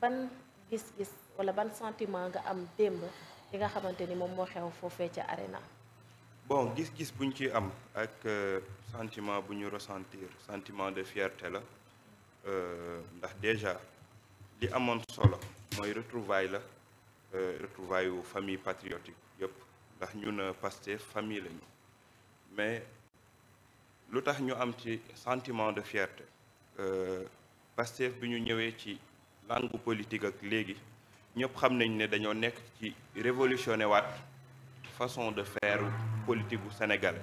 ban gis-gis wala ban sentiment nga am démb li nga xamante ni moom moo xew foofee ca arena bon gis-gis buñ ci am ak euh, sentiment bu ñu ressentir sentiment de fierté la euh, ndax déjà li amoon solo mooy retrouvaille la euh, retrouvaille wu famille patriotique yëpp ndax ñun Pastef famille lañu mais lu tax ñu am ci sentiment de fierté Pastef bi ñu ñëwee ci langue politique ak léegi ñëpp xam nañ ne dañoo nekk ci révolutionné waat façon de faire politique bu Sénégal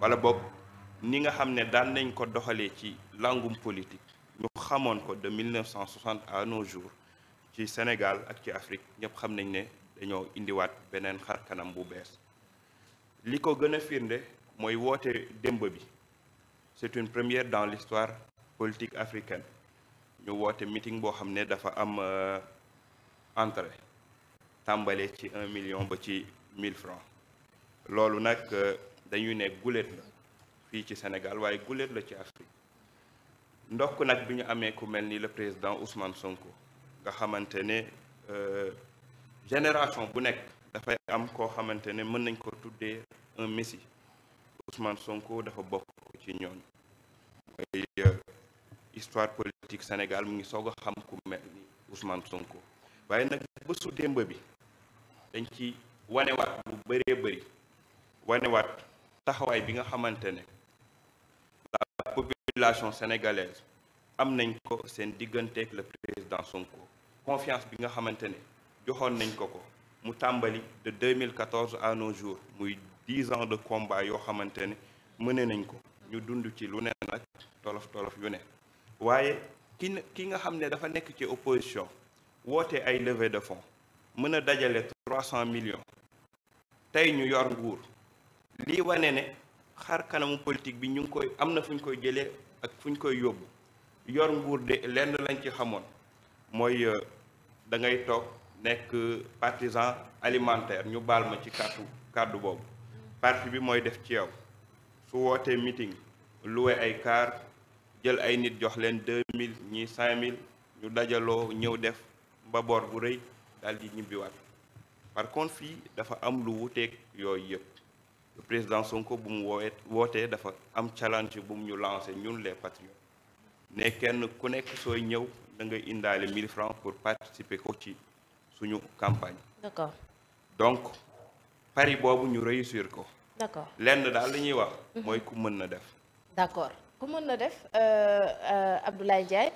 wala boog ni nga xam ne daan nañ ko doxalee ci langum politique ñu xamoon ko de 1960 à nos jours ci Sénégal ak ci Afrique ñëpp xam nañ ne dañoo indiwaat beneen xar kanam bu bees li ko gën a firnde mooy woote démb bi c'est une première dans l'histoire politique africaine ñu woote meeting boo xam ne dafa am euh, entrée tàmbale ci un million ba ci mille francs loolu nag euh, dañuy nekk guléet la fii ci Sénégal waaye guléet la ci Afrique ndokk nag bi ñu amee ku mel ni le président Ousmane Sonko nga xamante ne euh, génération bu nekk dafay am koo xamante ne mën nañ ko tuddee un messi Ousmane Sonko dafa bokk ci ñooñu histoire politique Sénégal mu ngi soog a ku mel ni Ousmane Sonko waaye nag bésu démb bi dañ ci wanewaat bu bëree bëri wanewaat taxawaay bi nga xamante ne la population am nañ ko seen digganteek le président Sonko confiance bi nga xamante ne joxoon nañ ko ko mu tàmbali de 2014 à nos jours muy dix ans de combat yoo xamante ne mëne nañ ko ñu dund ci lu ne tolof tolof yu ne waaye ki ki nga xam ne dafa nekk ci opposition woote ay levée de fonds mën a dajale trois cent million tey ñu yor nguur lii wane ne xar kanamu politique bi ñu ngi koy am na fu ñu koy jëlee ak fu ñu koy yóbbu yor nguur de lenn lañ ci xamoon mooy euh, da ngay toog nekk euh, partisan alimentaire ñu baal ma ci kàddu kàddu boobu parti bi mooy def ci yow su wootee meeting loué ay car jël ay nit jox leen deux mille ñii cinq mille ñu dajaloo ñëw def mbaboor bu rëy daal di ñibbiwaat par contre fii dafa am lu wuteeg yooyu yëpp le président Sonko bu mu woowee wootee dafa am challenge bu mu ñu lancé ñun les patriotes ne kenn ku nekk sooy ñëw da nga indaale 1000 francs pour participer ko ci suñu campagne. d'accord donc pari boobu ñu réussir ko. lenn daal li ñuy wax. Mhm. mooy ku mën na def. ku mën na def euh, euh, Abdoulaye Ndiaye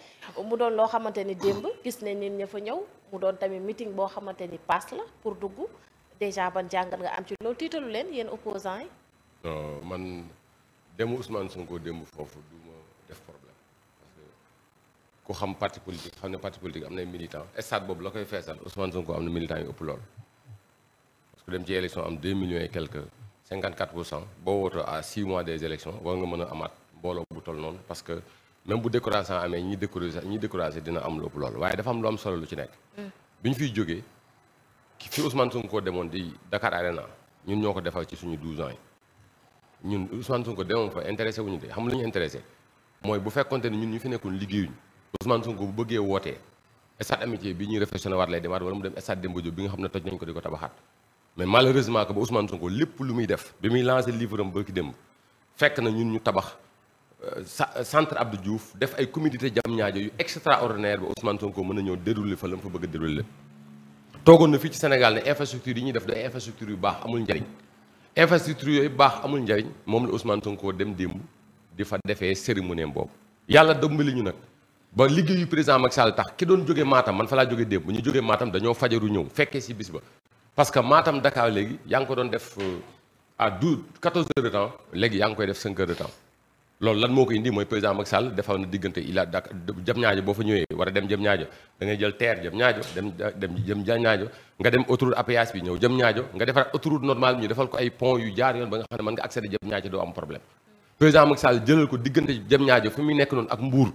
mu doon loo xamante ni démb gis nañ nit ña fa ñëw mu doon tamit meeting boo xamante ni paas la pour dugg déjà ban jàngat nga am ci loolu tiitalu leen yéen opposants yi. non man demu Ousmane Sonko démb foofu du ma def problème parce que ku xam parti politique xam ne parti politique am na militant stade boobu la koy feesal Ousmane Sonko am na militant yu ëpp lool parce que dem ci élection am 2 millions et quelques 54 pour cent boo wootoo à mois des élections war nga mën a amaat. mbooloo bu toll noonu parce que même bu décoration amee ñi découragé ñi découragé dina am lépp loolu waaye dafa am lu am solo ci nekk. Mm. bi ñu fiy jógee fi Ousmane Sonko ko demoon fa intéressé wuñu de xam lu ñu intéressé mooy bu fekkonte ne fi nekkoon liggéeyuñu Ousmane Sonko bu bëggee wootee stade amitié bi ñuy réflexionné waat lay demaat wala mu dem stade Demba Diop bi nga xam nañ ko di ko tabaxaat mais malheureusement que ba Ousmane Sonko lépp lu muy def centre Abdou Diouf def ay communité jam ñaajo yu extraordinaire ba Ousmane Sonko mën na ñëw déroulé fa la mu fa bëgg a la toogoon na fii ci Sénégal ne infrastructure yi ñu def da infrastructure yu baax amul njariñ infrastructure yooyu baax amul njariñ moom la Ousmane Sonko dem démb di fa defee cérémonie boobu yàlla dimbali ñu nag ba liggéeyu président Macky Sall tax ki doon jógee Matam man fa laa jóge démb bu ñu jógee maatam dañoo fajaru ñëw fekkee si bis ba parce que Matam Dakar léegi yaa ngi ko doon def euh, à douze quatorze heures léegi yaa ngi koy def cinq heures de loolu lan moo ko indi mooy président Macky Sall defar na diggante il a dak jëm ñaajo boo fa ñëwee war a dem jëm ñaajo da ngay jël terre jëm ñaajo dem dem jëm ñaajo nga dem autoroute à bi ñëw jëm ñaajo nga defar autoroute normale ñu defal ko ay pont yu jaar ba nga xam ne mën nga accéder jëm ñaajo doo am problème président Macky Sall jëlal ko diggante jëm ñaajo fi muy nekk noonu ak mbuur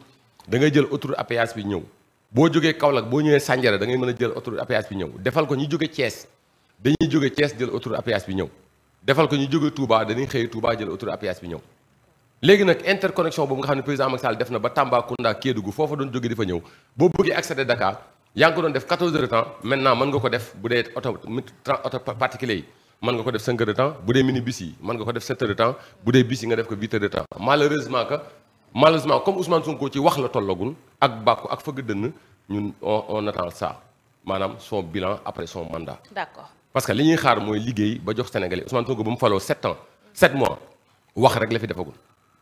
da ngay jël autoroute à bi ñëw boo jógee Kaolack boo ñëwee Sandiara da ngay mën a jël autoroute à péage bi ñëw defal ko ñu jóge Thiès dañuy jóge cees jël autoroute à bi ñëw defal ko ñu jóge Touba dañuy xëy jël autoroute à bi ñëw léegi nag interconnexion boobu nga xam ne président Macky Sall def na ba Tambacounda Kédougou foofa doon jóge di fa ñëw boo bëggee accéder Dakar yaa ngi ko doon def 14 heures de temps maintenant mën nga ko def bu dee oto oto particulier yi mën nga ko def 5 de temps bu dee minibus yi mën nga ko def 7 heures de temps bu dee bis yi nga def ko 8 heures de temps malheureusement que malheureusement comme Ousmane Sonko ci wax la tollagul ak bàkku ak fëgg dënn ñun on on attend ça maanaam son après son mandat. d'accord parce que li ñuy xaar mooy liggéey ba jox Sénégalais Ousmane Sonko ba mu faloo 7 ans 7 mois rek la fi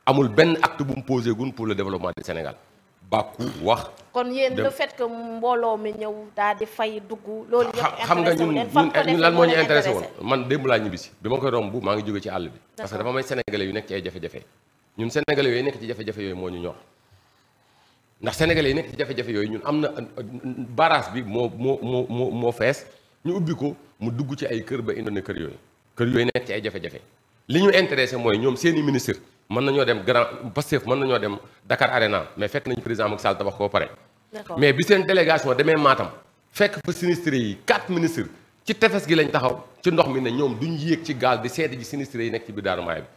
amul benn acte bu mu posé gun pour le développement du Sénégal bàkku wax. kon yéen le fait que mbooloo mi ñëw daal di fay dugg. loolu xam nga ñun lan moo ñu intéressé woon man démb laa ñibbisi bi koy romb maa ngi jóge ci àll bi. parce que dafa may sénégalais yu nekk ci ay jafe-jafe. ñun sénégalais yooyu nekk ci jafe moo ñu ñor ndax yi nekk ci yooyu ñun am na barrage bi moo moo moo moo fees ñu ubbi ko mu dugg ci ay kër ba indoon kër kër yooyu nekk ci ay jafe-jafe li ñu intéressé mooy ñoom seeni ministre mën nañoo dem grand Pastef mën nañoo dem Dakar Arena mais fekk nañ président Macky Sall tabax koo pare. mais bi seen délégation demee Matam fekk fa sinistré yi quatre ministre ci tefes gi lañ taxaw ci ndox mi ne ñoom duñ yéeg ci gaal bi seeti ji sinistré yi nekk ci biir Darou Maye bi.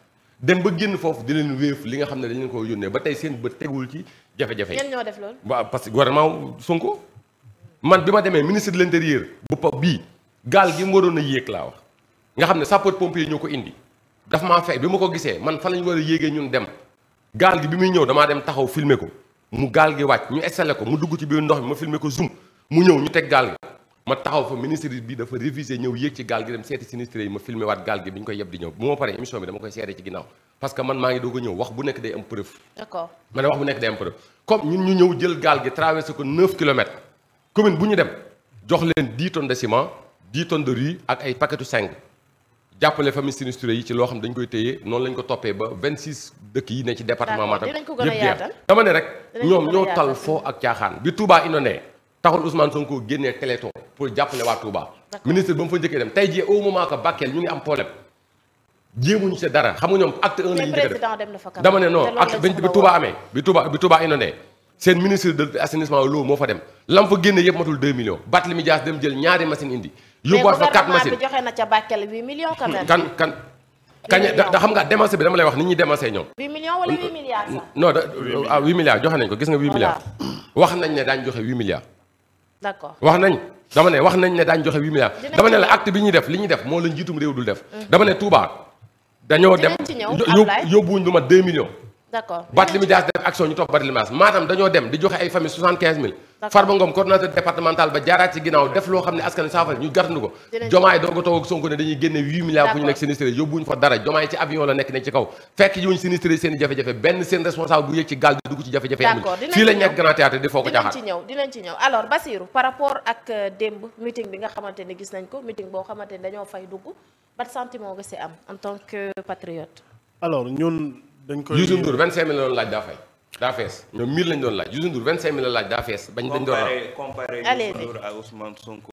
dem ba génn foofu di leen wéef li nga xam ne dañ leen ko yónnee ba tey seen bët tegul ci jafe-jafe yi. ñenn ñoo def loolu. waaw parce man bi ma demee ministre de l'intérieur bu pa bii ga gi mu waroon a yéeg laa wax nga xam ne sapeur pompier ñoo ko indi daf maa fekk bi ma ko gisee man fan lañu war a yéegee ñun dem gaal gi bi muy ñëw damaa dem taxaw filmer ko mu gaal gi wàcc ñu installé ko mu dugg ci biir ndox mi ma filmer ko zoom mu ñëw ñu teg gaal gi ma taxaw fa ministre bi dafa révisé ñëw yéeg ci gaal gi dem seeti sinistre yi ma filmé waat gaal gi bi ñu koy yeb di ñëw bu ma paree émission bi dama koy seede ci ginnaaw parce que man maa ngi doog a ñëw wax bu nekk day am preuve d'accord wax bu nekk day jël gaal gi traversé ko 9 kilomètres bu ñu dem jox leen 10 tonnes de ciment 10 tonnes de ak ay paquetu 5 jàppale famille sinistré yi ci loo xam dañ koy téye noonu lañ ko toppee ba 26 dëkk yi ne ci département Matam yëpp jeex dama ne rek ñoom ñoo tal foo ak caaxaan bi Touba inondé taxul Ousmane Sonko génnee téléthon pour jàppale waa Touba ministre ba mu fa njëkkee dem tey jii au moment que Bakel ñu ngi am problème jéemuñu ci dara xam nga ñoom acte 1 la ñu njëkk a ne non acte bi Touba amee bi Touba bi Touba inondé seen ministre de assainissement loolu moo fa dem lam fa génne yëpp matul 2 millions Barthélémy Dias dem jël ñaari machine indi yóbbuwaat fa 4 machines na ca kan kan xam nga démancé bi dama lay wax nit ñi démancé ñoom 8 millions wala 8 ah, milliards joxe nañ ko gis nga 8 milliards wax nañ ne daañ joxe 8 milliards d'accord wax nañ dama ne wax nañ ne daañ joxe 8 dama ne la acte bi ñuy def li ñuy def moo la njiitum réew dul def mm. dama ne Touba dañoo dem yóbbuwuñ ñu mat 2 millions d'accord Barthélémy Dias def action ñu topp Barthélémy maatam dañoo dem di joxe ay famille soixante-quinze mille Farba Ngom coordonnateur départemental ba jaaraat ci ginnaaw def loo xam ne askan saafara ñu gartandi ko jomaay doog a toog ak Sonko ne dañuy génne huit milliards bu ñu nekk sinistre yóbbuñu fa dara jomaay ci avion la nekk nekk ci kaw fekk yuñ sinistre seen jafe-jafe benn seen responsable bu yëg ci gaal di dugg ci jafe-jafe yi fii euh, ne gis dañ koy Youssou Ndour 25000 la doon laaj daa fees ñoom 1000 lañ doon laaj Youssou Ndour 25000 laaj daa fees. bañ dañ doon laaj